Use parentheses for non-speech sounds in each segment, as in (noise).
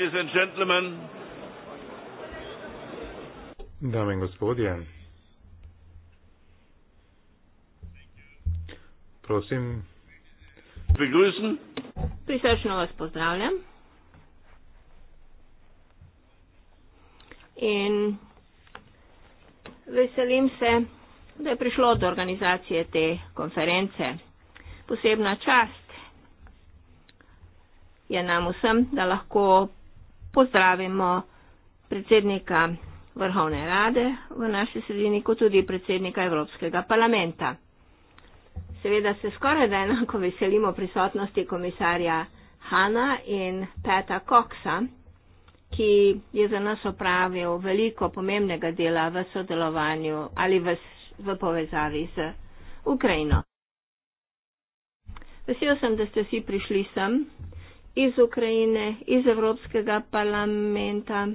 ladies and gentlemen. Dame in gospodje. Prosim. Begrüßen. Prisrčno vas pozdravljam. In veselim se, da je prišlo do organizacije te konference. Posebna čast je nam vsem, da lahko pozdravimo predsednika Vrhovne rade v naši sredini, kot tudi predsednika Evropskega parlamenta. Seveda se skoraj da enako veselimo prisotnosti komisarja Hanna in Peta Coxa, ki je za nas opravil veliko pomembnega dela v sodelovanju ali v, v povezavi z Ukrajino. Vesel sem, da ste vsi prišli sem iz Ukrajine, iz Evropskega parlamenta.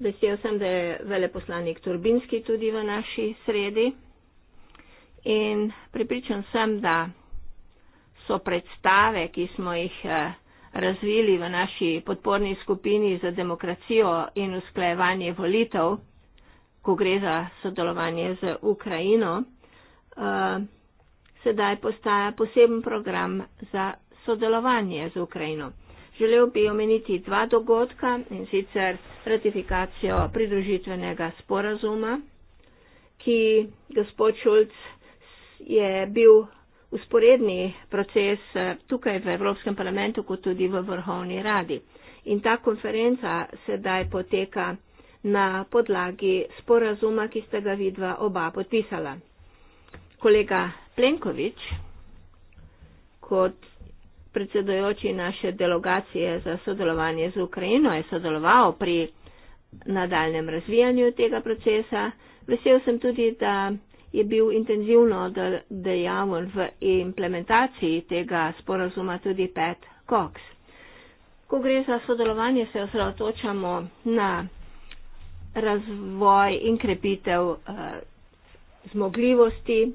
Vesel sem, da je veleposlanik Turbinski tudi v naši sredi in pripričan sem, da so predstave, ki smo jih eh, razvili v naši podporni skupini za demokracijo in usklajevanje volitev, ko gre za sodelovanje z Ukrajino, eh, sedaj postaja poseben program za sodelovanje z Ukrajino. Želel bi omeniti dva dogodka in sicer ratifikacijo pridružitvenega sporazuma, ki gospod Šulc je bil usporedni proces eh, tukaj v Evropskem parlamentu, kot tudi v Vrhovni radi. In ta konferenca sedaj poteka na podlagi sporazuma, ki sta ga vidva oba podpisala kolega Plenkovič kot predsedojoči naše delegacije za sodelovanje z Ukrajino je sodeloval pri nadaljem razvijanju tega procesa. Vesel sem tudi, da je bil intenzivno dejaven v implementaciji tega sporazuma tudi Pet Cox. Ko gre za sodelovanje, se osredotočamo na razvoj in krepitev eh, zmogljivosti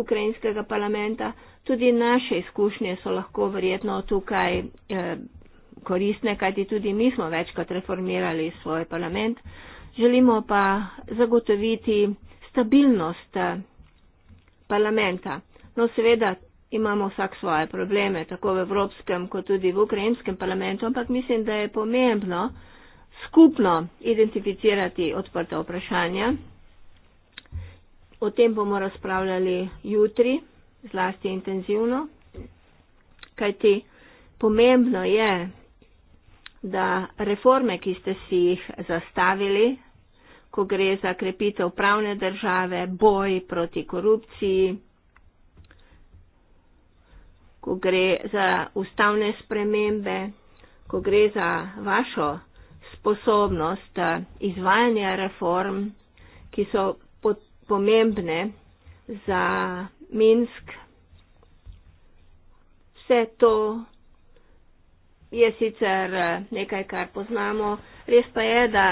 ukrajinskega parlamenta. Tudi naše izkušnje so lahko verjetno tukaj eh, koristne, kajti tudi mi smo večkrat reformirali svoj parlament. Želimo pa zagotoviti stabilnost eh, parlamenta. No, seveda imamo vsak svoje probleme, tako v Evropskem, kot tudi v Ukrajinskem parlamentu, ampak mislim, da je pomembno skupno identificirati odprta vprašanja, O tem bomo razpravljali jutri, zlasti intenzivno, kajti pomembno je, da reforme, ki ste si jih zastavili, ko gre za krepitev pravne države, boj proti korupciji, ko gre za ustavne spremembe, ko gre za vašo sposobnost eh, izvajanja reform, ki so pomembne za Minsk. Vse to je sicer eh, nekaj, kar poznamo. Res pa je, da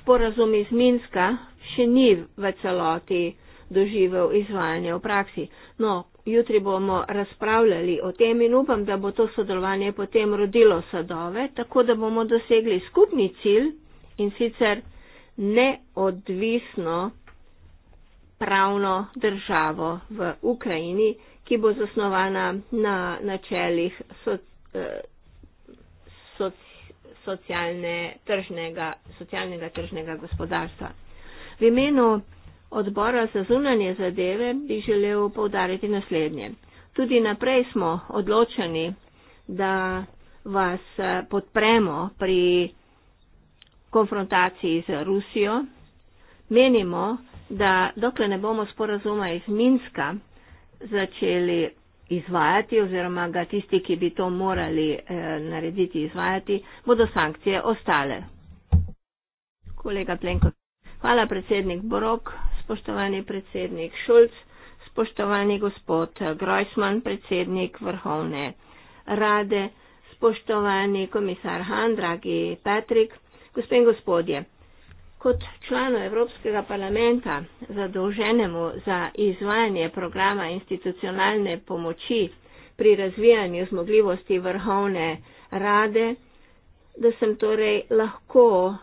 sporazum iz Minska še ni v celoti doživel izvajanje v praksi. No, jutri bomo razpravljali o tem in upam, da bo to sodelovanje potem rodilo sadove, tako da bomo dosegli skupni cilj in sicer neodvisno pravno državo v Ukrajini, ki bo zasnovana na načelih soc, eh, soc, tržnega, socialnega tržnega gospodarstva. V imenu odbora za zunanje zadeve bi želel povdariti naslednje. Tudi naprej smo odločeni, da vas eh, podpremo pri konfrontaciji z Rusijo. Menimo, da dokler ne bomo sporazuma iz Minska začeli izvajati oziroma ga tisti, ki bi to morali eh, narediti, izvajati, bodo sankcije ostale. Kolega Plenko. Hvala predsednik Borok, spoštovani predsednik Šulc, spoštovani gospod Grojsman, predsednik Vrhovne rade, spoštovani komisar Han, dragi Patrik, gospod in gospodje. Kot članu Evropskega parlamenta zadolženemu za izvajanje programa institucionalne pomoči pri razvijanju zmogljivosti vrhovne rade, da sem torej lahko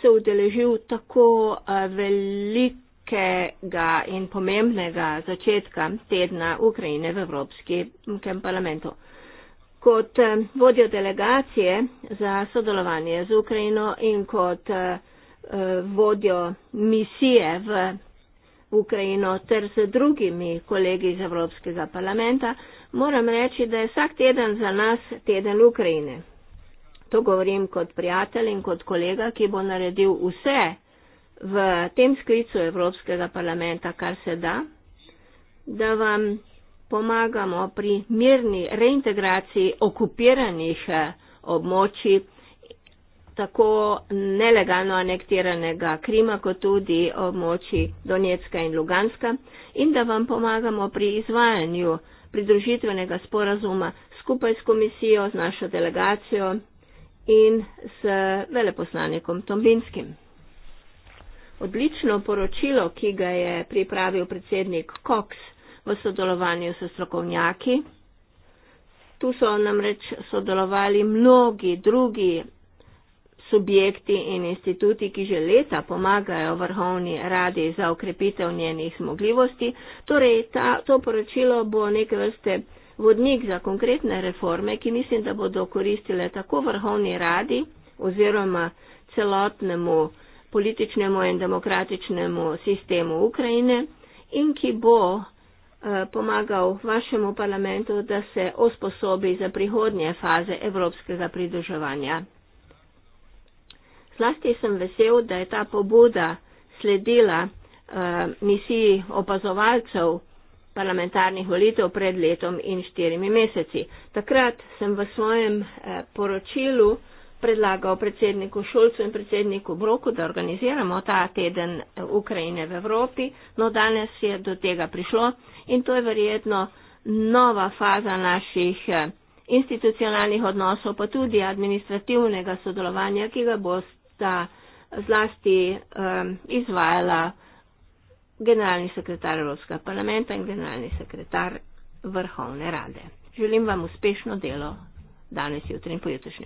se udeležil tako eh, velikega in pomembnega začetka tedna Ukrajine v Evropskem parlamentu. Kot eh, vodjo delegacije za sodelovanje z Ukrajino in kot eh, Eh, vodjo misije v Ukrajino ter z drugimi kolegi iz Evropskega parlamenta, moram reči, da je vsak teden za nas teden Ukrajine. To govorim kot prijatelj in kot kolega, ki bo naredil vse v tem sklicu Evropskega parlamenta, kar se da, da vam pomagamo pri mirni reintegraciji okupiranih eh, območij, tako nelegalno anektiranega Krima, kot tudi območji Donetska in Luganska, in da vam pomagamo pri izvajanju pridružitvenega sporazuma skupaj s komisijo, z našo delegacijo in s veleposlanikom Tombinskim. Odlično poročilo, ki ga je pripravil predsednik Cox v sodelovanju s strokovnjaki. Tu so namreč sodelovali mnogi drugi subjekti in instituti, ki že leta pomagajo vrhovni radi za okrepitev njenih zmogljivosti. Torej, ta, to poročilo bo neke vrste vodnik za konkretne reforme, ki mislim, da bodo koristile tako vrhovni radi oziroma celotnemu političnemu in demokratičnemu sistemu Ukrajine in ki bo eh, pomagal vašemu parlamentu, da se osposobi za prihodnje faze evropskega pridruževanja. Zlasti sem vesel, da je ta pobuda sledila uh, misiji opazovalcev parlamentarnih volitev pred letom in štirimi meseci. Takrat sem v svojem eh, poročilu predlagal predsedniku Šulcu in predsedniku Broku, da organiziramo ta teden eh, Ukrajine v Evropi. No, danes je do tega prišlo in to je verjetno nova faza naših eh, institucionalnih odnosov, pa tudi administrativnega sodelovanja, ki ga boste sta zlasti um, izvajala generalni sekretar Evropskega parlamenta in generalni sekretar Vrhovne rade. Želim vam uspešno delo danes, jutri in pojutrišnje.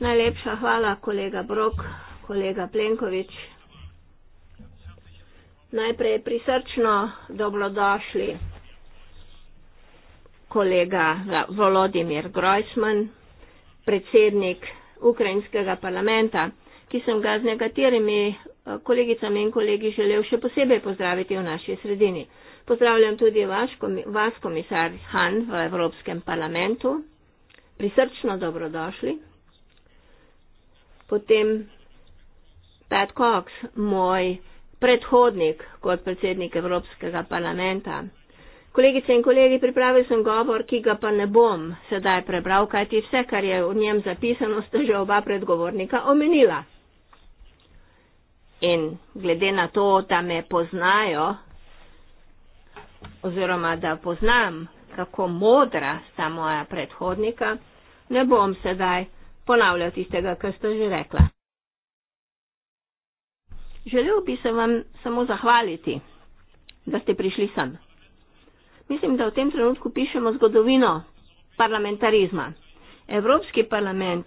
Najlepša hvala, kolega Brok, kolega Plenkovič. Najprej prisrčno dobrodošli kolega Volodimir Grojsman, predsednik ukrajinskega parlamenta, ki sem ga z nekaterimi eh, kolegicami in kolegi želel še posebej pozdraviti v naši sredini. Pozdravljam tudi vaš, vas, komisar Han v Evropskem parlamentu. Prisrčno dobrodošli. Potem Pat Cox, moj predhodnik kot predsednik Evropskega parlamenta. Kolegice in kolegi, pripravil sem govor, ki ga pa ne bom sedaj prebral, kajti vse, kar je v njem zapisano, ste že oba predgovornika omenila. In glede na to, da me poznajo, oziroma da poznam, kako modra sta moja predhodnika, ne bom sedaj ponavljal tistega, kar ste že rekla. Želel bi se vam samo zahvaliti, da ste prišli sem. Mislim, da v tem trenutku pišemo zgodovino parlamentarizma. Evropski parlament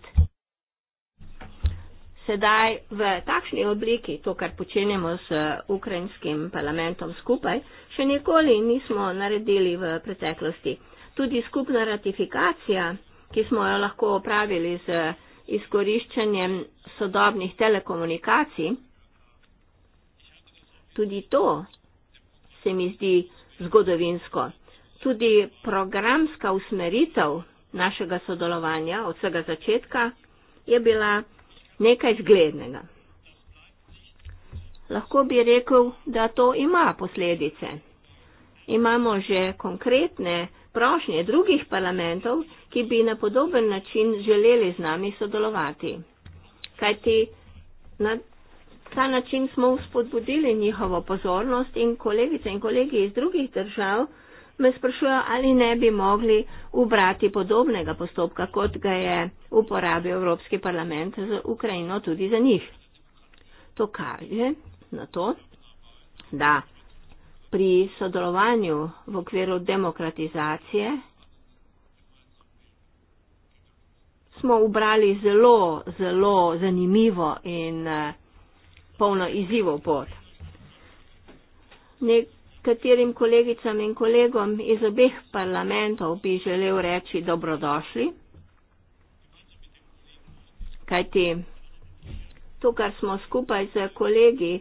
sedaj v takšni obliki, to, kar počenjamo s eh, ukrajinskim parlamentom skupaj, še nikoli nismo naredili v preteklosti. Tudi skupna ratifikacija, ki smo jo lahko opravili z eh, izkoriščanjem sodobnih telekomunikacij, tudi to se mi zdi zgodovinsko. Tudi programska usmeritev našega sodelovanja od vsega začetka je bila nekaj zglednega. Lahko bi rekel, da to ima posledice. Imamo že konkretne prošnje drugih parlamentov, ki bi na podoben način želeli z nami sodelovati. Kajti na ta način smo vzpodbudili njihovo pozornost in kolegice in kolegi iz drugih držav me sprašujejo, ali ne bi mogli ubrati podobnega postopka, kot ga je uporabil Evropski parlament z Ukrajino tudi za njih. To kaže na to, da pri sodelovanju v okviru demokratizacije smo ubrali zelo, zelo zanimivo in eh, polno izzivov pot. Nekaterim kolegicam in kolegom iz obeh parlamentov bi želel reči dobrodošli, kajti to, kar smo skupaj z kolegi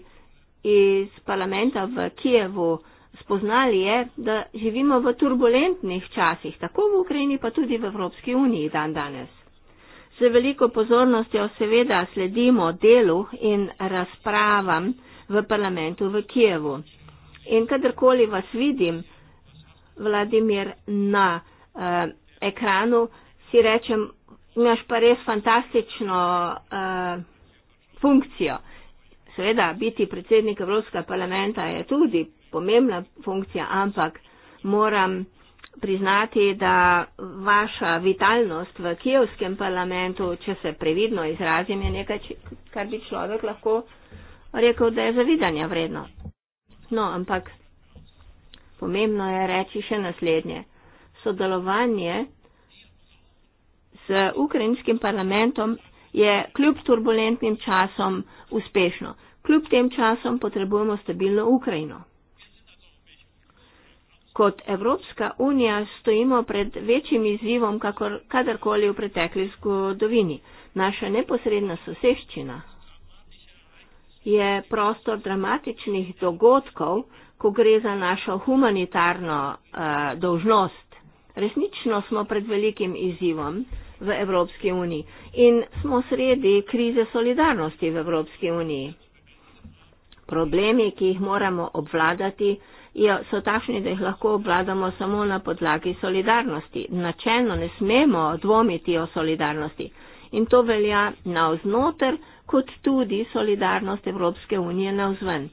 iz parlamenta v Kijevu spoznali, je, da živimo v turbulentnih časih, tako v Ukrajini, pa tudi v Evropski uniji dan danes. Z veliko pozornostjo seveda sledimo delu in razpravam v parlamentu v Kijevu. In kadarkoli vas vidim, Vladimir, na eh, ekranu, si rečem, imaš pa res fantastično eh, funkcijo. Seveda, biti predsednik Evropskega parlamenta je tudi pomembna funkcija, ampak moram priznati, da vaša vitalnost v kijevskem parlamentu, če se previdno izrazim, je nekaj, kar bi človek lahko rekel, da je zavidanja vredno. No, ampak pomembno je reči še naslednje. Sodelovanje z ukrajinskim parlamentom je kljub turbulentnim časom uspešno. Kljub tem časom potrebujemo stabilno Ukrajino kot Evropska unija stojimo pred večjim izzivom, kakor kadarkoli v pretekli zgodovini. Naša neposredna soseščina je prostor dramatičnih dogodkov, ko gre za našo humanitarno uh, dolžnost. Resnično smo pred velikim izzivom v Evropski uniji in smo sredi krize solidarnosti v Evropski uniji problemi, ki jih moramo obvladati, so takšni, da jih lahko obvladamo samo na podlagi solidarnosti. Načelno ne smemo dvomiti o solidarnosti. In to velja na vznoter, kot tudi solidarnost Evropske unije na vzven.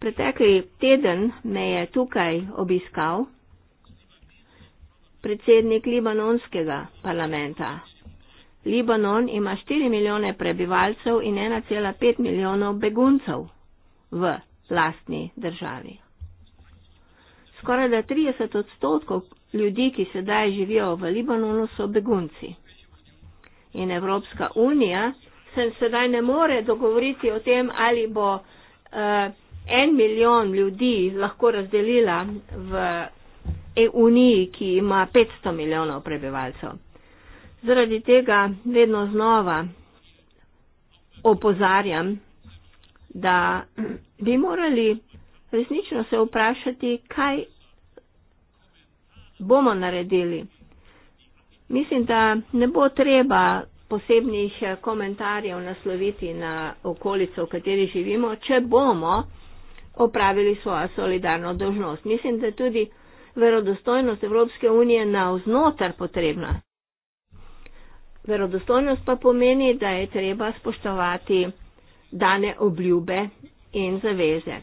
Pretekli teden me je tukaj obiskal predsednik libanonskega parlamenta. Libanon ima 4 milijone prebivalcev in 1,5 milijonov beguncev v lastni državi. Skoraj da 30 odstotkov ljudi, ki sedaj živijo v Libanonu, so begunci. In Evropska unija se sedaj ne more dogovoriti o tem, ali bo eh, en milijon ljudi lahko razdelila v EU-uniji, ki ima 500 milijonov prebivalcev. Zaradi tega vedno znova opozarjam da bi morali resnično se vprašati, kaj bomo naredili. Mislim, da ne bo treba posebnih eh, komentarjev nasloviti na okolico, v kateri živimo, če bomo opravili svojo solidarno dožnost. Mislim, da je tudi verodostojnost Evropske unije na vznotar potrebna. Verodostojnost pa pomeni, da je treba spoštovati dane obljube in zaveze.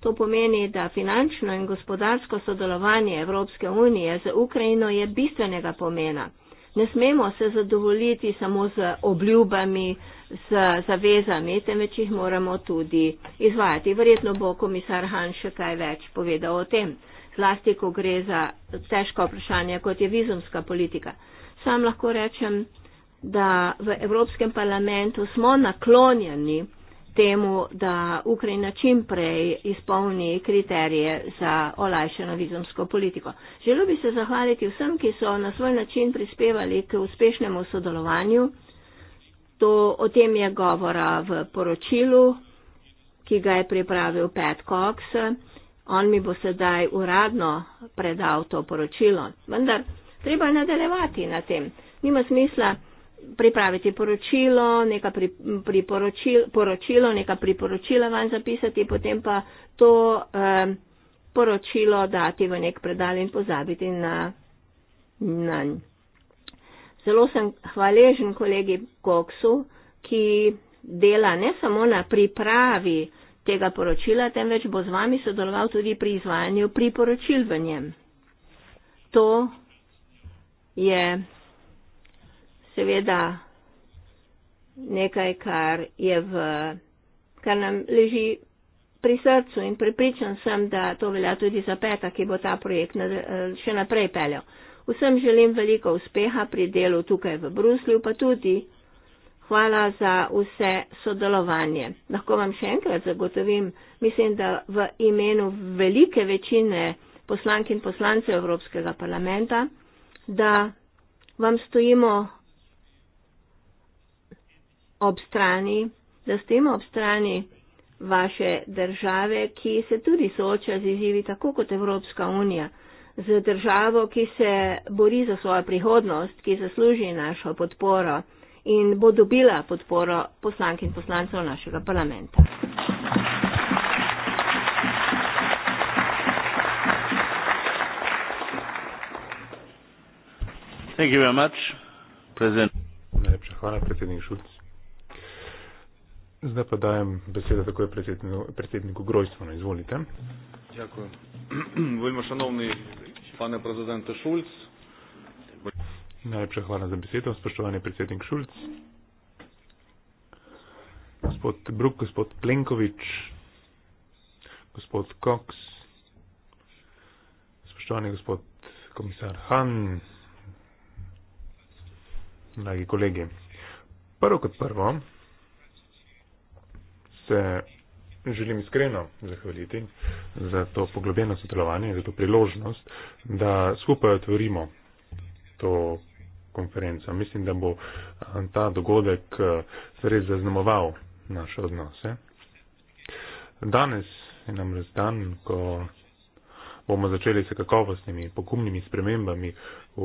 To pomeni, da finančno in gospodarsko sodelovanje Evropske unije z Ukrajino je bistvenega pomena. Ne smemo se zadovoljiti samo z obljubami, z zavezami, temveč jih moramo tudi izvajati. Verjetno bo komisar Han še kaj več povedal o tem, zlasti ko gre za težko vprašanje, kot je vizumska politika. Sam lahko rečem, da v Evropskem parlamentu smo naklonjeni temu, da Ukrajina čim prej izpolni kriterije za olajšano vizumsko politiko. Želel bi se zahvaliti vsem, ki so na svoj način prispevali k uspešnemu sodelovanju. To o tem je govora v poročilu, ki ga je pripravil Pat Cox. On mi bo sedaj uradno predal to poročilo. Vendar treba nadaljevati na tem. Nima smisla, pripraviti poročilo, neka pri, priporočil, poročilo, neka priporočila vam zapisati, potem pa to um, poročilo dati v nek predal in pozabiti na nanj. Zelo sem hvaležen kolegi Koksu, ki dela ne samo na pripravi tega poročila, temveč bo z vami sodeloval tudi pri izvajanju priporočil v njem. To je seveda nekaj, kar je v, kar nam leži pri srcu in pripričan sem, da to velja tudi za peta, ki bo ta projekt še naprej peljal. Vsem želim veliko uspeha pri delu tukaj v Bruslju, pa tudi hvala za vse sodelovanje. Lahko vam še enkrat zagotovim, mislim, da v imenu velike večine poslank in poslancev Evropskega parlamenta, da vam stojimo ob strani, da stojimo ob strani vaše države, ki se tudi sooča z izzivi, tako kot Evropska unija, z državo, ki se bori za svojo prihodnost, ki zasluži našo podporo in bo dobila podporo poslank in poslancev našega parlamenta. Najlepša hvala, predsednik Šulc. Zdaj pa dajem besedo takoj predsedniku Grojstvona. Izvolite. Dziękuję. Veljmo (clears throat) šanovni pane prezidente Šulc. Najlepša hvala za besedo, spoštovani predsednik Šulc. Gospod Bruk, gospod Plenkovič, gospod Cox, spoštovani gospod komisar Han, dragi kolegi. Prvo kot prvo, se želim iskreno zahvaliti za to poglobljeno sodelovanje, za to priložnost, da skupaj otvorimo to konferenco. Mislim, da bo ta dogodek res zaznamoval naše odnose. Danes je namreč dan, ko bomo začeli s kakovostnimi, pokumnimi spremembami v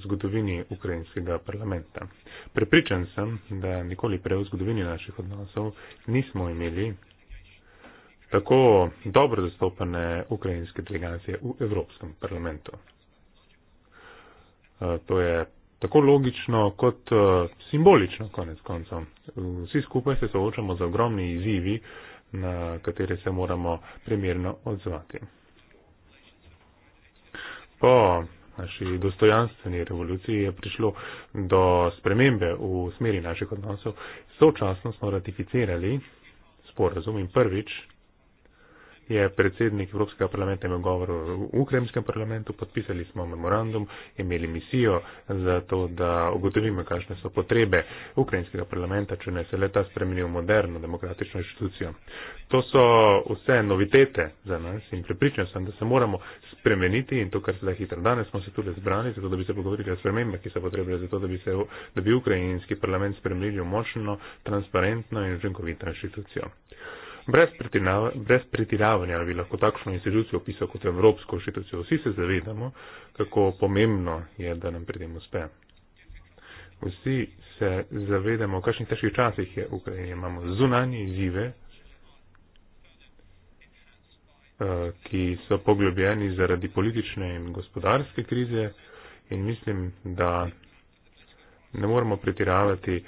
zgodovini ukrajinskega parlamenta. Prepričan sem, da nikoli prej v zgodovini naših odnosov nismo imeli tako dobro zastopane ukrajinske delegacije v Evropskem parlamentu. Eh, to je tako logično kot eh, simbolično, konec koncev. Vsi skupaj se soočamo z ogromnimi izzivi, na katere se moramo primerno odzvati po naši dostojanstveni revoluciji je prišlo do spremembe v smeri naših odnosov, sočasno smo ratificirali sporazum in prvič je predsednik Evropskega parlamenta imel govor v ukrajinskem parlamentu, podpisali smo memorandum, imeli misijo za to, da ugotovimo, kakšne so potrebe ukrajinskega parlamenta, če ne se leta spremeni v moderno demokratično inštitucijo. To so vse novitete za nas in pripričan sem, da se moramo spremeniti in to, kar se da hitro. Danes smo se tudi zbrani, zato da bi se pogovorili o spremembah, ki so potrebne za to, da bi, se, da bi ukrajinski parlament spremenili v močno, transparentno in učinkovito inštitucijo. Brez, brez pretiravanja bi lahko takšno institucijo opisal kot evropsko institucijo. Vsi se zavedamo, kako pomembno je, da nam pri tem uspe. Vsi se zavedamo, v kakšnih težkih časih je Ukrajina. Imamo zunanje izzive, eh, ki so poglobljeni zaradi politične in gospodarske krize in mislim, da ne moramo pretiravati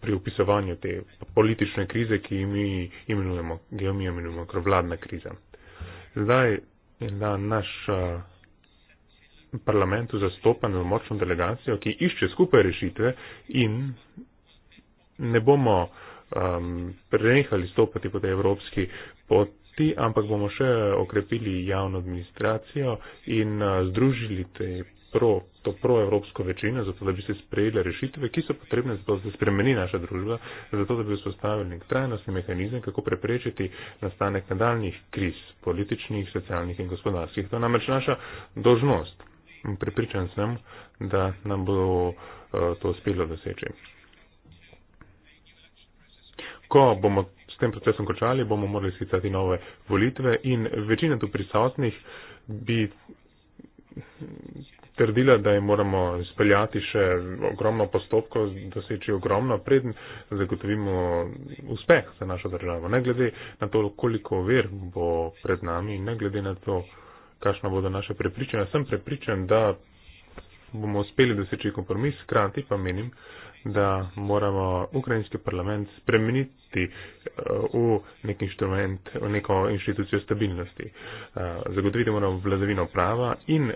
pri upisovanju te politične krize, ki mi imenujemo, ki mi imenujemo krovladna kriza. Zdaj je na naš parlamentu zastopan z močno delegacijo, ki išče skupaj rešitve in ne bomo um, prenehali stopati po tej evropski poti, ampak bomo še okrepili javno administracijo in uh, združili te pro, to proevropsko večino, zato da bi se sprejeli rešitve, ki so potrebne za to, da se spremeni naša družba, zato da bi vzpostavili nek trajnostni mehanizem, kako preprečiti nastanek nadaljnih kriz političnih, socialnih in gospodarskih. To je namreč naša dožnost. Pripričan sem, da nam bo uh, to uspelo doseči. Ko bomo s tem procesom končali, bomo morali sklicati nove volitve in večina tu prisotnih bi trdila, da je moramo speljati še ogromno postopkov, doseči ogromno pred, zagotovimo uspeh za našo državo. Ne glede na to, koliko ver bo pred nami in ne glede na to, kakšno bodo naše prepričanja, sem prepričan, da bomo uspeli doseči kompromis, hkrati pa menim, da moramo ukrajinski parlament spremeniti eh, v nek inštrument, v neko inštitucijo stabilnosti. Eh, zagotoviti moramo vladavino prava in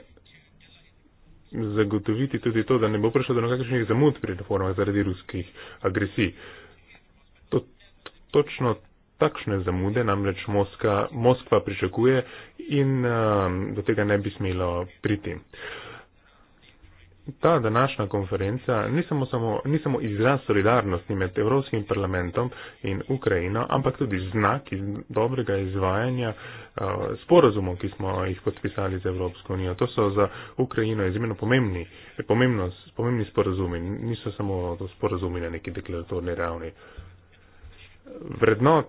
zagotoviti tudi to, da ne bo prišlo do nekakšnih zamud pri reformah zaradi ruskih agresij. To, točno takšne zamude namreč Moska, Moskva pričakuje in uh, do tega ne bi smelo priti. Uh, ta današnja konferenca ni samo, samo, ni samo izraz solidarnosti med Evropskim parlamentom in Ukrajino, ampak tudi znak iz dobrega izvajanja uh, eh, sporozumov, ki smo jih podpisali z Evropsko unijo. To so za Ukrajino izjemno pomembni, pomembno, pomembni sporozumi, niso samo sporozumi na neki deklaratorni ravni. Vrednot,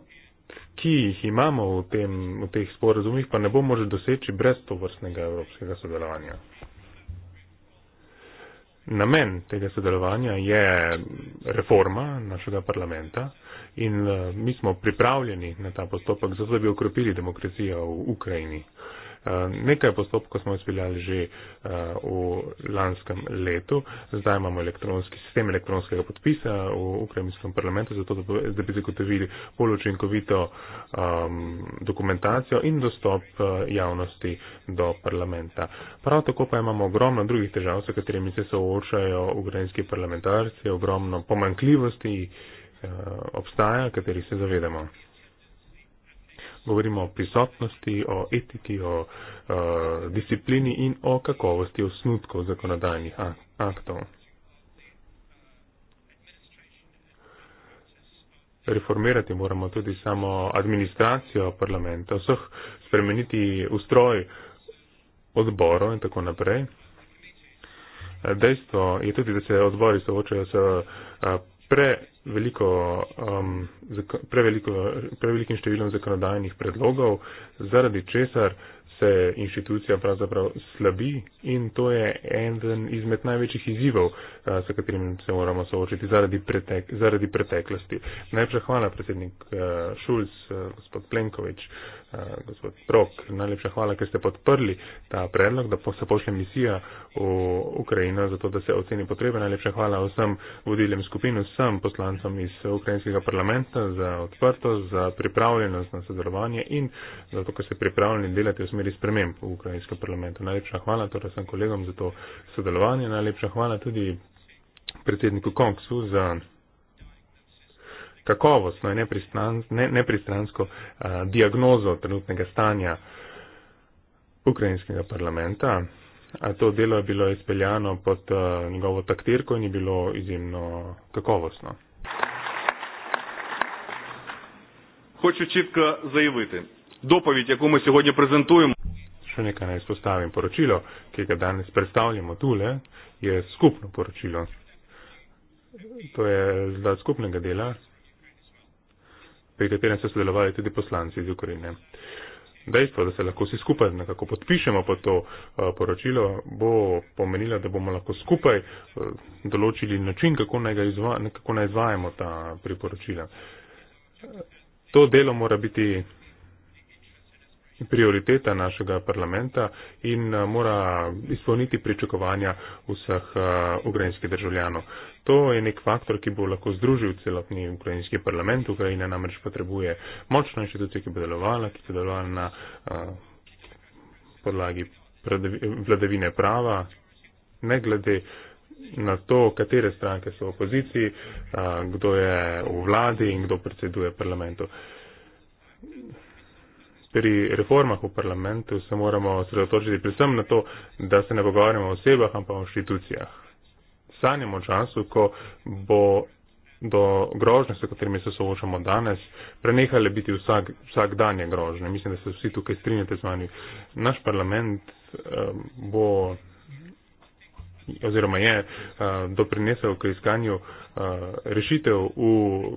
ki jih imamo v, tem, v teh sporozumih, pa ne bo možno doseči brez to vrstnega evropskega sodelovanja. Namen tega sodelovanja je reforma našega parlamenta in eh, mi smo pripravljeni na ta postopek, zato da bi okropili demokracijo v Ukrajini. Eh, nekaj postopkov smo izpeljali že eh, v lanskem letu, zdaj imamo elektronski sistem elektronskega podpisa v ukrajinskem parlamentu, zato da bi zagotovili bolj učinkovito ehm, dokumentacijo in dostop eh, javnosti do parlamenta. Prav tako pa imamo ogromno drugih težav, s katerimi se soočajo ukrajinski parlamentarci, ogromno pomankljivosti obstaja, katerih se zavedamo govorimo o prisotnosti, o etiki, o, o disciplini in o kakovosti osnutkov zakonodajnih aktov. Reformirati moramo tudi samo administracijo parlamenta, vseh spremeniti ustroj odborov in tako naprej. Dejstvo je tudi, da se odbori soočajo s preveliko, um, preveliko, prevelikim številom zakonodajnih predlogov, zaradi česar se inštitucija pravzaprav slabi in to je en izmed največjih izzivov, uh, s katerim se moramo soočiti zaradi, pretek, zaradi preteklosti. Najprej hvala, predsednik uh, Šulc, uh, gospod Plenković. Uh, Eh, gospod Prok. Najlepša hvala, ker ste podprli ta predlog, da se pošlje misija v Ukrajino, zato da se oceni potrebe. Najlepša hvala vsem vodilem skupin, vsem poslancem iz ukrajinskega parlamenta za odprtost, za pripravljenost na sodelovanje in zato, ker ste pripravljeni delati v smeri sprememb v ukrajinskem parlamentu. Najlepša hvala torej vsem kolegom za to sodelovanje. Najlepša hvala tudi predsedniku Kongsu za kakovostno in nepristransko diagnozo trenutnega stanja ukrajinskega parlamenta. To delo je bilo izpeljano pod njegovo taktirko in je bilo izjemno kakovostno. Хочу чітко заявити доповідь, яку ми сьогодні презентуємо. Що не кане споставим поручило, яке данес представлюємо туле, є скупне поручило. То є для скупного діла pri katerem so sodelovali tudi poslanci iz Ukrajine. Dejstvo, da se lahko vsi skupaj nekako podpišemo pod to uh, poročilo, bo pomenilo, da bomo lahko skupaj uh, določili način, kako naj, izva, kako naj izvajamo ta priporočila. To delo mora biti prioriteta našega parlamenta in uh, mora izpolniti pričakovanja vseh uh, ukrajinskih državljanov. Uh, To je nek faktor, ki bo lahko združil celotni ukrajinski parlament. Ukrajina namreč potrebuje močno inštitucijo, ki bo delovala, ki bo delovala na uh, podlagi vladavine prava, ne glede na to, katere stranke so v opoziciji, uh, kdo je v vladi in kdo predseduje parlamentu. Pri reformah v parlamentu se moramo sredotočiti predvsem na to, da se ne pogovarjamo o osebah, ampak o inštitucijah sanjamo o času, ko bo do grožnje, s katerimi se soočamo danes, prenehale biti vsak, vsak danje grožnje. Mislim, da se vsi tukaj strinjate z vami. Naš parlament eh, bo oziroma je eh, doprinesel k iskanju eh, rešitev v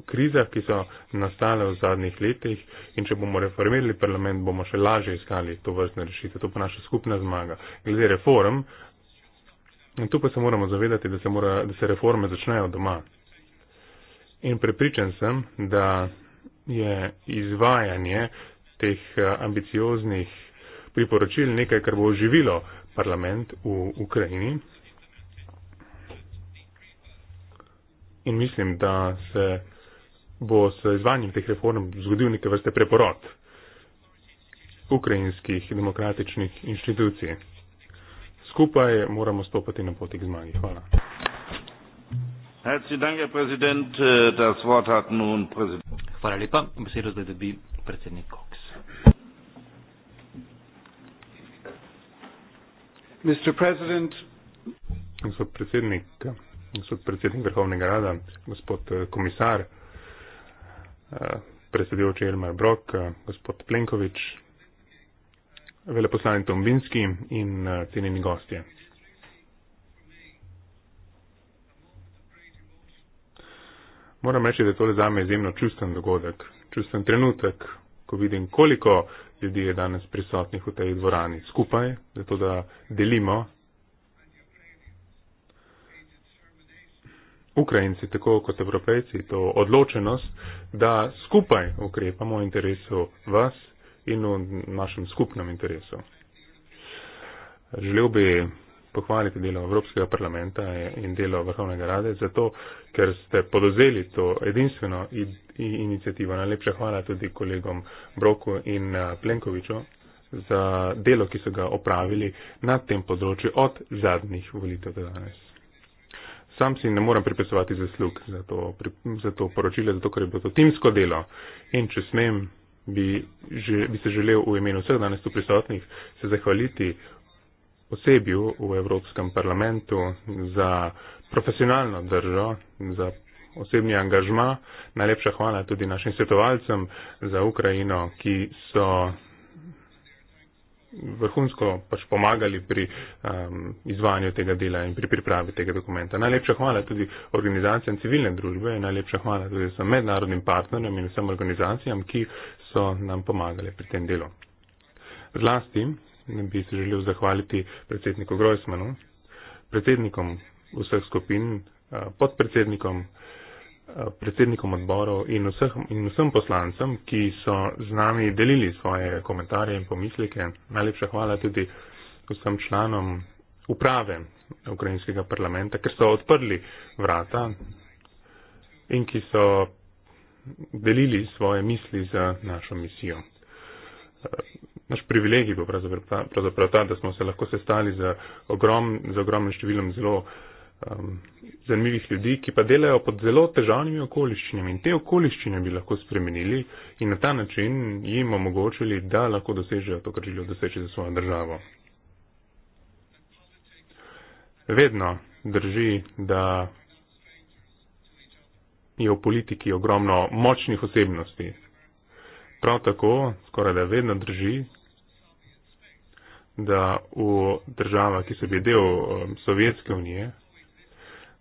krizah, ki so nastale v zadnjih letih in če bomo reformirali parlament, bomo še lažje iskali to vrstne rešitev. To bo naša skupna zmaga. Glede reform, In tu pa se moramo zavedati, da se, mora, da se reforme začnejo doma. In prepričan sem, da je izvajanje teh eh, ambicioznih priporočil nekaj, kar bo oživilo parlament v Ukrajini. In mislim, da se bo s izvanjem teh reform zgodil neke vrste preporod ukrajinskih demokratičnih inštitucij skupaj moramo stopiti na poti k zmagi. Hvala. Äh, Hvala lepa. Besedo zdaj dobi predsednik Cox. Gospod predsednik, gospod predsednik Vrhovnega rada, gospod eh, komisar, eh, predsedujoči Elmar Brok, eh, gospod Plenkovič, veleposlanik Tombinski in eh, cenjeni gostje. Moram reči, da je to za me izjemno čusten dogodek, čusten trenutek, ko vidim, koliko ljudi je danes prisotnih v tej dvorani skupaj, zato da delimo. Ukrajinci, tako kot evropejci, to odločenost, da skupaj ukrepamo v interesu vas, in v našem skupnem interesu. Želel bi pohvaliti delo Evropskega parlamenta in delo Vrhovnega rade, zato ker ste podozeli to edinstveno inicijativo. Najlepša hvala tudi kolegom Broku in eh, Plenkoviču za delo, ki so ga opravili na tem področju od zadnjih volitev do danes. Sam si ne morem pripisovati zaslug za to, za to poročilo, zato ker je bilo to timsko delo. In če smem, bi, že, bi se želel v imenu vseh danes tu prisotnih se zahvaliti osebju v Evropskem parlamentu za profesionalno držo, za osebni angažma. Najlepša hvala tudi našim svetovalcem za Ukrajino, ki so vrhunsko pač pomagali pri um, izvajanju tega dela in pri pripravi tega dokumenta. Najlepša hvala tudi organizacijam civilne družbe in najlepša hvala tudi vsem mednarodnim partnerjem in vsem organizacijam, ki so nam pomagali pri tem delu. Zlasti bi se želel zahvaliti predsedniku Grojsmanu, predsednikom vseh skupin, uh, podpredsednikom, Eh, predsednikom odborov in, vseh, in vsem poslancem, ki so z nami delili svoje komentarje in pomisleke. Najlepša hvala tudi vsem članom uprave ukrajinskega parlamenta, ker so odprli vrata in ki so delili svoje misli za našo misijo. Eh, naš privilegij bo pravzaprav ta, da smo se lahko sestali z, ogrom, z ogromnim številom zelo uh, um, zanimivih ljudi, ki pa delajo pod zelo težavnimi okoliščinami in te okoliščine bi lahko spremenili in na ta način jim omogočili, da lahko dosežejo to, kar želijo doseči za svojo državo. Vedno drži, da je v politiki ogromno močnih osebnosti. Prav tako skoraj da vedno drži, da v državah, ki so bili del Sovjetske unije,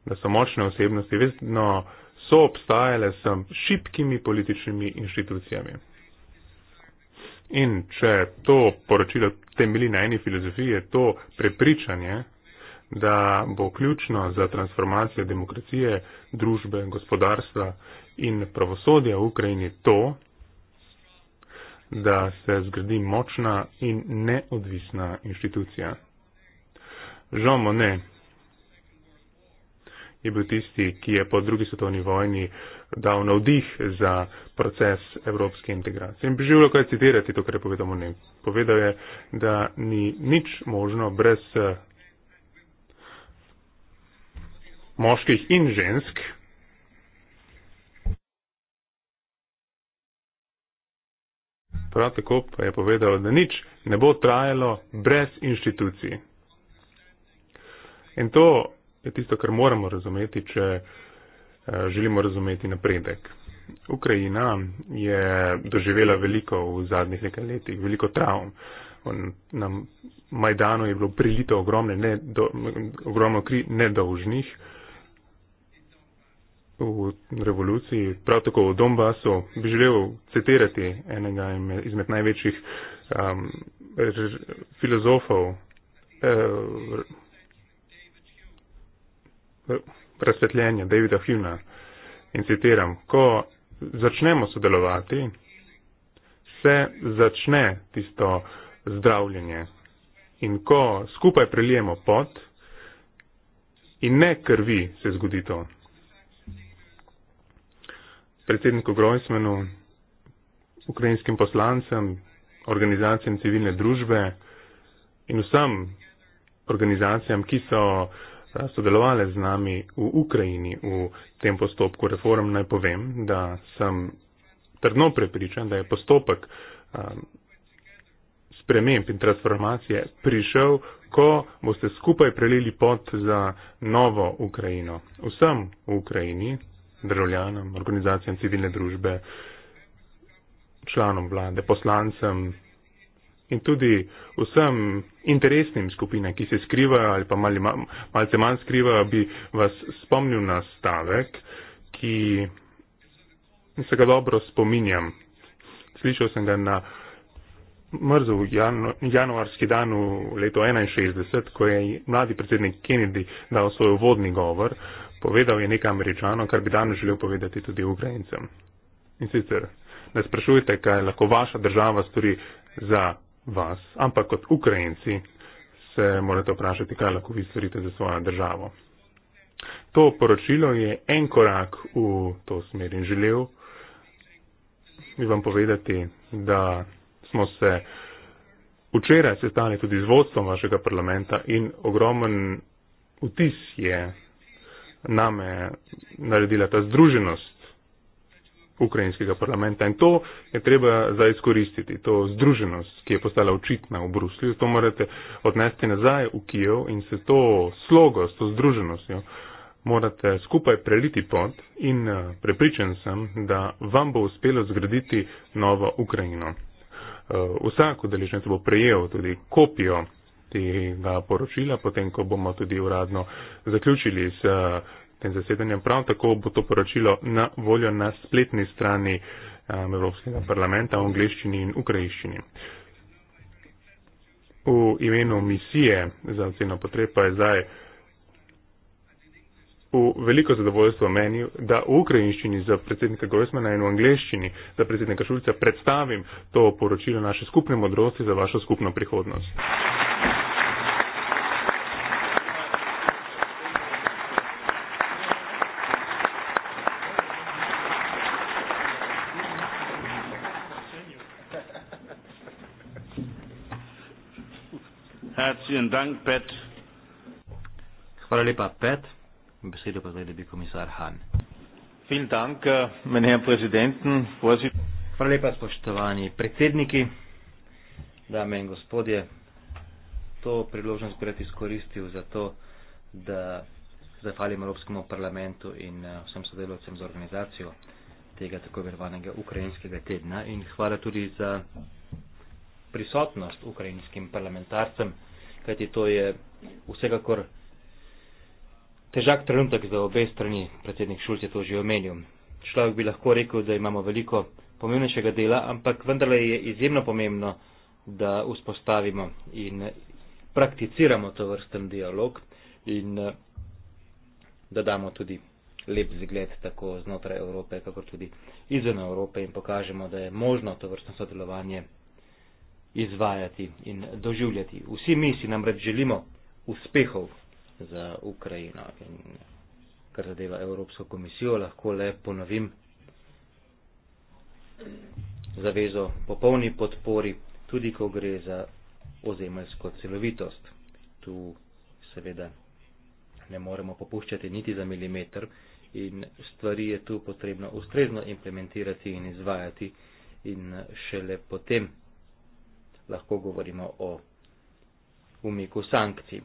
da so močne osebnosti vedno so obstajale s šipkimi političnimi inštitucijami. In če to poročilo temeli na eni filozofiji, je to prepričanje, da bo ključno za transformacijo demokracije, družbe, gospodarstva in pravosodja v Ukrajini to, da se zgradi močna in neodvisna inštitucija. Žal mu ne, je bil tisti, ki je po drugi svetovni vojni dal navdih za proces evropske integracije. In bi želel kaj citirati to, kar je povedal Monet. Povedal je, da ni nič možno brez eh, moških in žensk. Prav tako pa je povedal, da nič ne bo trajalo brez inštitucij. In to je tisto, kar moramo razumeti, če eh, želimo razumeti napredek. Ukrajina je doživela veliko v zadnjih nekaj letih, veliko travm. Na Majdanu je bilo prilito ogromne, nedo, ogromno kri nedolžnih v revoluciji, prav tako v Donbasu. Bi želel citirati enega izmed največjih um, filozofov, eh, razsvetljenje Davida Hina in citiram, ko začnemo sodelovati, se začne tisto zdravljenje. In ko skupaj prelijemo pot in ne krvi, se zgodi to. Predsedniku Grojsmenu, ukrajinskim poslancem, organizacijam civilne družbe in vsem organizacijam, ki so sodelovali z nami v Ukrajini v tem postopku reform, naj povem, da sem trdno prepričan, da je postopek um, sprememb in transformacije prišel, ko boste skupaj prelili pot za novo Ukrajino. Vsem v Ukrajini, državljanom, organizacijam civilne družbe, članom vlade, poslancem, in tudi vsem interesnim skupinam, ki se skrivajo ali pa mali, malce manj skrivajo, bi vas spomnil na stavek, ki se ga dobro spominjam. Slišal sem ga na mrzov janu, januarski dan v letu 61, ko je mladi predsednik Kennedy dal svoj vodni govor, povedal je nekaj američano, kar bi danes želel povedati tudi Ukrajincem. In sicer, ne sprašujte, kaj lahko vaša država stori za vas, ampak kot Ukrajinci se morate vprašati, kaj lahko vi storite za svojo državo. To poročilo je en korak v to smer in želel bi vam povedati, da smo se včeraj sestali tudi z vodstvom vašega parlamenta in ogromen vtis je name naredila ta združenost ukrajinskega parlamenta in to je treba zdaj izkoristiti, to združenost, ki je postala očitna v Bruslju, to morate odnesti nazaj v Kijev in se to slogo, s to združenostjo morate skupaj preliti pot in eh, prepričan sem, da vam bo uspelo zgraditi novo Ukrajino. Eh, vsak udeleženec bo prejel tudi kopijo tega poročila, potem ko bomo tudi uradno zaključili s eh, tem zasedanjem. Prav tako bo to poročilo na voljo na spletni strani um, Evropskega parlamenta v angliščini in ukrajiščini. V imenu misije za oceno potreb pa je zdaj v veliko zadovoljstvo meni, da v ukrajinščini za predsednika Gojsmana in v angliščini za predsednika Šulca predstavim to poročilo naše skupne modrosti za vašo skupno prihodnost. Vielen Dank, Pat. Hvala lepa, Pat. Besedo pa zdaj dobi komisar Han. Vielen Dank, äh, meine Herren Präsidenten, Vorsitzende. Hvala lepa, spoštovani predsedniki, dame in gospodje. To priložnost bi rad izkoristil za to, da zahvalim Evropskemu parlamentu in äh, vsem sodelovcem za organizacijo tega tako imenovanega ukrajinskega tedna in hvala tudi za prisotnost ukrajinskim parlamentarcem kajti to je vsekakor težak trenutek za obe strani, predsednik Šulc je to že omenil. Človek bi lahko rekel, da imamo veliko pomembnejšega dela, ampak vendarle je izjemno pomembno, da vzpostavimo in prakticiramo to vrsten dialog in eh, da damo tudi lep zgled tako znotraj Evrope, kako tudi izven Evrope in pokažemo, da je možno to vrstno sodelovanje izvajati in doživljati. Vsi mi si namreč želimo uspehov za Ukrajino. In kar zadeva Evropsko komisijo, lahko le ponovim zavezo popolni podpori, tudi ko gre za ozemeljsko celovitost. Tu seveda ne moremo popuščati niti za milimeter in stvari je tu potrebno ustrezno implementirati in izvajati in šele potem lahko govorimo o umiku sankcij.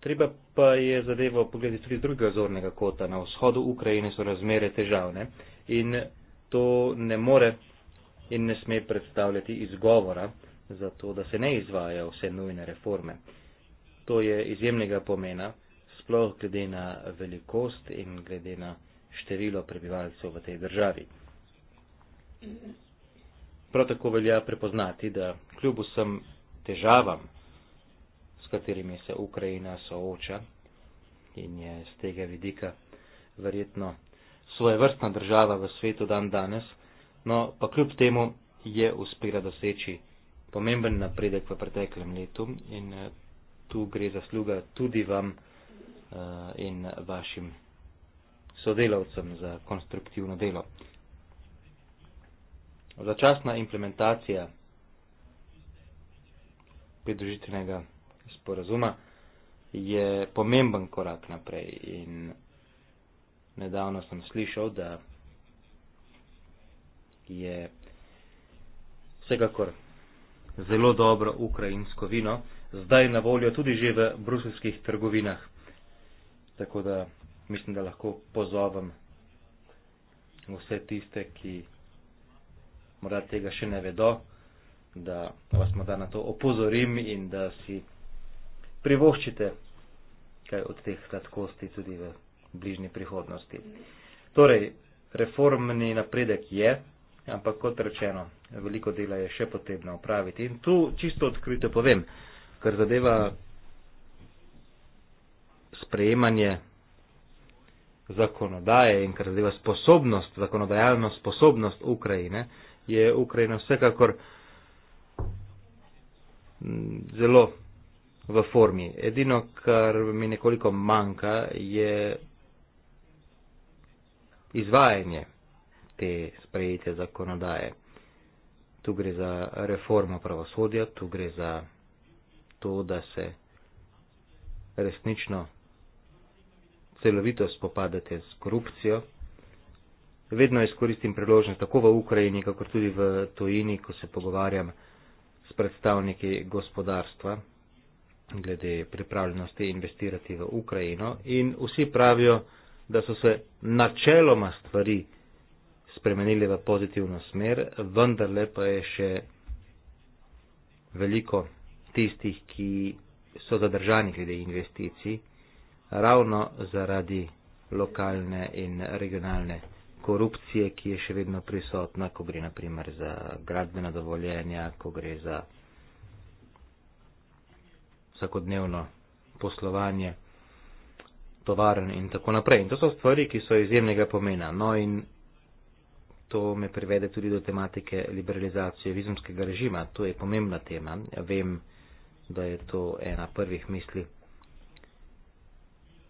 Treba pa je zadevo pogledati tudi z drugega zornega kota. Na vzhodu Ukrajine so razmere težavne in to ne more in ne sme predstavljati izgovora za to, da se ne izvaja vse nujne reforme. To je izjemnega pomena, sploh glede na velikost in glede na število prebivalcev v tej državi. Prav tako velja prepoznati, da kljub vsem težavam, s katerimi se Ukrajina sooča in je z tega vidika verjetno svoje vrstna država v svetu dan danes, no pa kljub temu je uspela doseči pomemben napredek v preteklem letu in eh, tu gre za sluga tudi vam eh, in vašim sodelavcem za konstruktivno delo začasna implementacija pridružitvenega sporazuma je pomemben korak naprej in nedavno sem slišal, da je vsekakor zelo dobro ukrajinsko vino zdaj na voljo tudi že v bruselskih trgovinah. Tako da mislim, da lahko pozovem vse tiste, ki morda tega še ne vedo, da vas morda na to opozorim in da si privoščite kaj od teh kratkosti tudi v bližnji prihodnosti. Torej, reformni napredek je, ampak kot rečeno, veliko dela je še potrebno upraviti. In tu čisto odkrito povem, kar zadeva sprejemanje zakonodaje in kar zadeva sposobnost, zakonodajalno sposobnost Ukrajine, je Ukrajina vsekakor zelo v formi. Edino, kar mi nekoliko manjka, je izvajanje te sprejete zakonodaje. Tu gre za reformo pravosodja, tu gre za to, da se resnično celovito spopadate s korupcijo. Vedno izkoristim priložnost tako v Ukrajini, kako tudi v tojini, ko se pogovarjam s predstavniki gospodarstva glede pripravljenosti investirati v Ukrajino. In vsi pravijo, da so se načeloma stvari spremenili v pozitivno smer, vendarle pa je še veliko tistih, ki so zadržani glede investicij, ravno zaradi lokalne in regionalne korupcije, ki je še vedno prisotna, ko gre naprimer za gradbena dovoljenja, ko gre za vsakodnevno poslovanje tovarn in tako naprej. In to so stvari, ki so izjemnega pomena. No in to me privede tudi do tematike liberalizacije vizumskega režima. To je pomembna tema. Ja vem, da je to ena prvih misli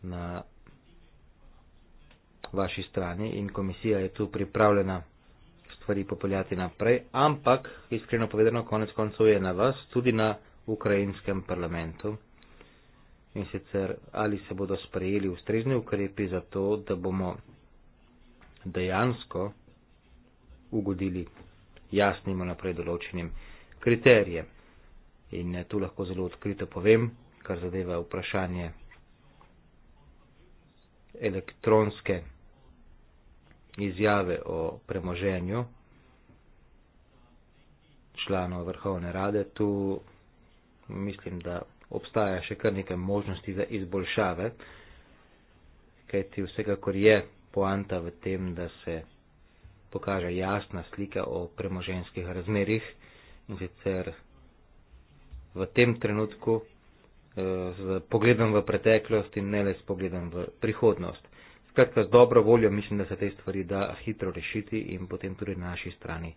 na vaši strani in komisija je tu pripravljena stvari popeljati naprej, ampak iskreno povedano, konec koncev je na vas, tudi na ukrajinskem parlamentu. In sicer ali se bodo sprejeli ustrezni ukrepi za to, da bomo dejansko ugodili jasnim naprej določenim kriterijem. In eh, tu lahko zelo odkrito povem, kar zadeva vprašanje elektronske izjave o premoženju članov Vrhovne rade. Tu mislim, da obstaja še kar nekaj možnosti za izboljšave, kajti vsekakor je poanta v tem, da se pokaže jasna slika o premoženskih razmerih in sicer v tem trenutku z eh, pogledom v preteklost in ne le s pogledom v prihodnost. Skratka, z dobro voljo mislim, da se te stvari da hitro rešiti in potem tudi na naši strani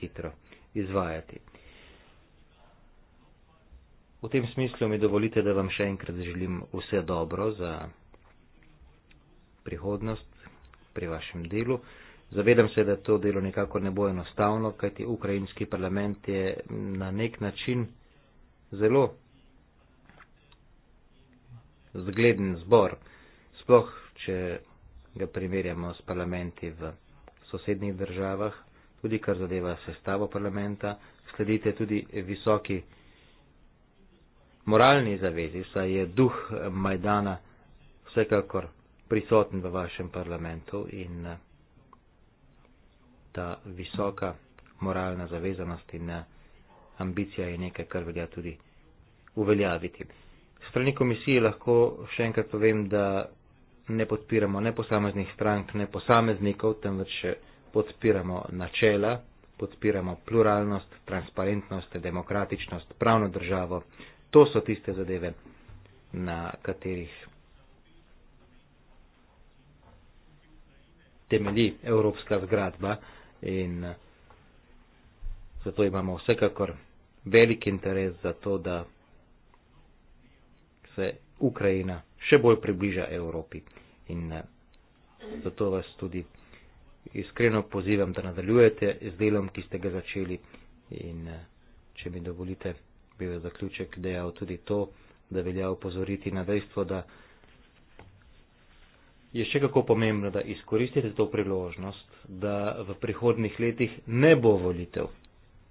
hitro izvajati. V tem smislu mi dovolite, da vam še enkrat želim vse dobro za prihodnost pri vašem delu. Zavedam se, da to delo nekako ne bo enostavno, kajti ukrajinski parlament je na nek način zelo zgleden zbor. Sploh, če ga primerjamo s parlamenti v sosednjih državah, tudi kar zadeva sestavo parlamenta, sledite tudi visoki moralni zavezi, saj je duh Majdana vsekakor prisoten v vašem parlamentu in eh, ta visoka moralna zavezanost in eh, ambicija je nekaj, kar velja tudi uveljaviti. Strani komisije lahko še enkrat povem, da ne podpiramo ne posameznih strank, ne posameznikov, temveč podpiramo načela, podpiramo pluralnost, transparentnost, demokratičnost, pravno državo. To so tiste zadeve, na katerih temelji evropska zgradba in zato imamo vsekakor velik interes za to, da se Ukrajina še bolj približa Evropi. In eh, zato vas tudi iskreno pozivam, da nadaljujete z delom, ki ste ga začeli. In eh, če mi dovolite, bi v zaključek dejal tudi to, da velja upozoriti na dejstvo, da je še kako pomembno, da izkoristite to priložnost, da v prihodnih letih ne bo volitev.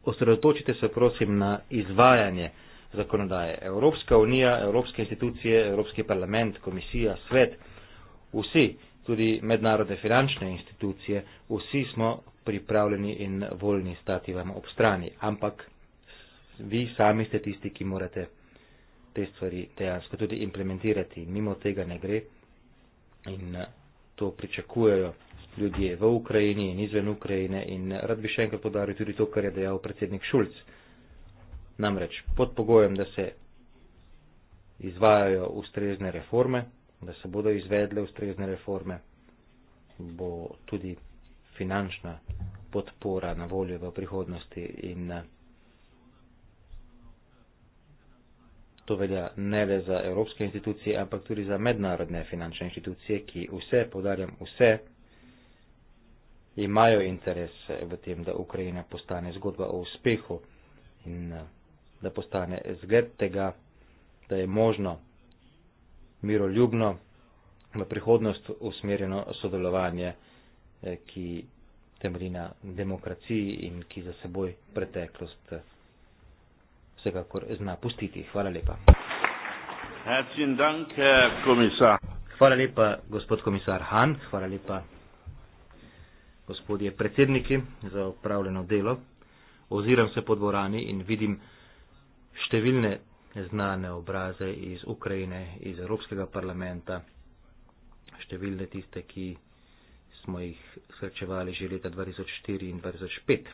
Osredotočite se prosim na izvajanje zakonodaje. Evropska unija, evropske institucije, evropski parlament, komisija, svet, vsi, tudi mednarodne finančne institucije, vsi smo pripravljeni in voljni stati vam ob strani. Ampak vi sami ste tisti, ki morate te stvari dejansko tudi implementirati. Mimo tega ne gre in eh, to pričakujejo ljudje v Ukrajini in izven Ukrajine in rad bi še enkrat podaril tudi to, kar je dejal predsednik Šulc. Namreč pod pogojem, da se izvajajo ustrezne reforme, da se bodo izvedle ustrezne reforme, bo tudi finančna podpora na voljo v prihodnosti in eh, to velja ne le za evropske institucije, ampak tudi za mednarodne finančne institucije, ki vse, povdarjam vse, imajo interes v tem, da Ukrajina postane zgodba o uspehu in eh, da postane zgled tega, da je možno miroljubno v prihodnost usmerjeno sodelovanje, eh, ki temelji na demokraciji in ki za seboj preteklost eh, vsekakor zna pustiti. Hvala lepa. Hvala lepa, gospod komisar Han, hvala lepa, gospodje predsedniki, za upravljeno delo. Oziram se po dvorani in vidim, številne znane obraze iz Ukrajine, iz Evropskega parlamenta, številne tiste, ki smo jih srečevali že leta 2004 in 2005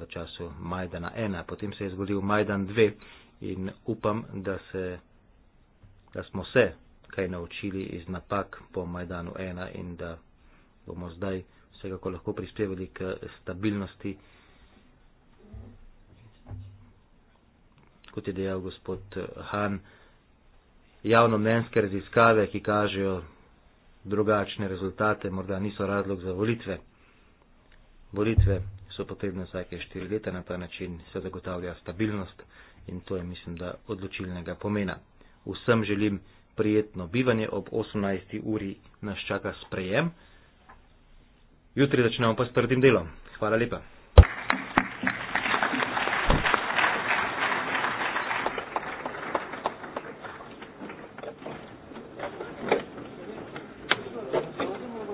v času Majdana 1. Potem se je zgodil Majdan 2 in upam, da, se, da smo se kaj naučili iz napak po Majdanu 1 in da bomo zdaj vsega, ko lahko prispevali k stabilnosti kot je dejal gospod eh, Han, javno mnenjske raziskave, ki kažejo drugačne rezultate, morda niso razlog za volitve. Volitve so potrebne vsake štiri leta, na ta način se zagotavlja stabilnost in to je, mislim, da odločilnega pomena. Vsem želim prijetno bivanje, ob 18. uri nas čaka sprejem. Jutri začnemo pa s trdim delom. Hvala lepa.